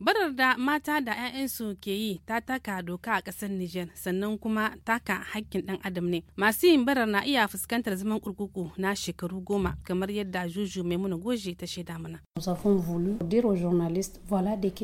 barar da mata da 'ya'yansu ke yi ta taka doka a ƙasar Nijar sannan kuma taka hakkin ɗan adam ne. Masu yin barar na iya fuskantar zaman kurkuku na shekaru goma kamar yadda Juju muna Goji ta shaida mana.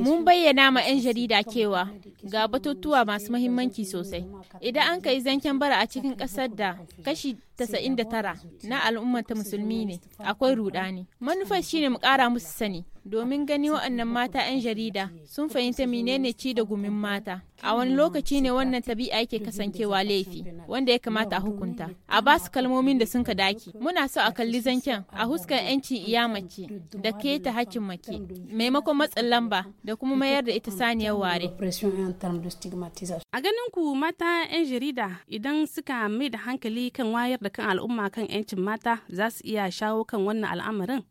Mun bayyana ma 'yan jarida kewa ga batutuwa masu mahimmanci sosai. Idan an kai zancen bara a cikin ƙasar da kashi da tara na al'ummar ta musulmi ne akwai rudani manufar shine mu kara musu sani domin gani waɗannan mata 'yan jarida sun fahimta menene ci da gumin mata a wani lokaci ne wannan tabi'a yake kasancewa laifi wanda ya kamata a hukunta a basu kalmomin da sun ka daki muna so a kalli zancen a huskar 'yanci iya mace da ke ta hakkin mace maimakon matsin lamba da kuma mayar da ita saniyar ware a ganin ku mata 'yan jarida idan suka mai da hankali kan wayar da kan al'umma kan 'yancin mata za su iya shawo kan wannan al'amarin?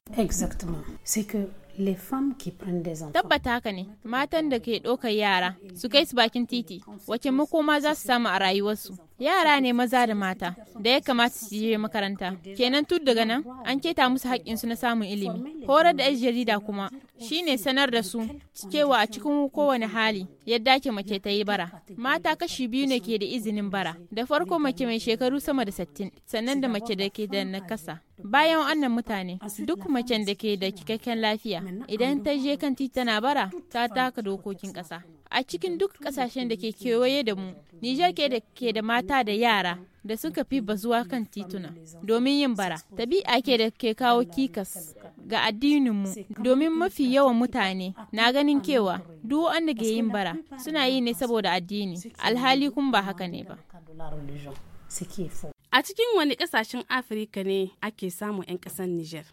Tabbata haka ne, matan da ke ɗaukar yara su kai su bakin titi, wace makoma za su samu a rayuwarsu. yara ne maza da mata da ya kamata su je makaranta kenan tun daga nan an keta musu su na samun ilimi horar da 'yan jarida kuma shine sanar da su cewa a cikin kowane hali yadda ake mace ta yi bara mata kashi biyu ne ke da izinin bara da farko mace mai shekaru sama da sittin sannan da mace da ke da nakasa bayan wannan mutane duk macen da ke da cikakken lafiya idan ta je kan titi tana bara ta taka dokokin ƙasa a cikin duk kasashen da ke kewaye da mu nijar ke da ke da mata da yara da suka fi ba zuwa kan tituna domin yin bara tabi'a ke da ke kawo kikas ga addinin mu domin mafi yawan mutane na ganin kewa duk wanda ke yin bara suna yi ne saboda addini alhali kun ba haka ne ba A cikin wani kasashen Afirka ne ake samu 'yan ƙasar Nijar?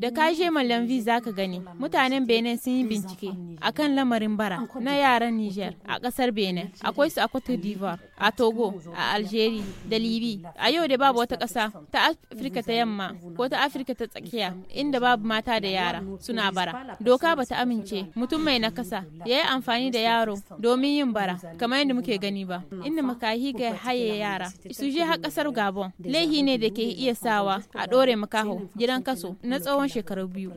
Da ka je Malamvi za ka gani mutanen Benin sun yi bincike a kan lamarin bara na yaran Nijar a kasar Benin. Akwai su a Cote d'Ivoire, a Togo, a Algeri, da Libi. A yau da babu wata kasa ta Afirka ta yamma ko ta Afirka ta tsakiya inda babu mata da yara suna bara. Doka ba ta amince mutum mai na kasa. ya yi amfani da yaro domin yin bara kamar yadda muke gani ba. Inda makahi ga haye yara su je har kasar gabon laihi ne da ke iya sawa a ɗore makaho gidan kaso na tsawon shekaru biyu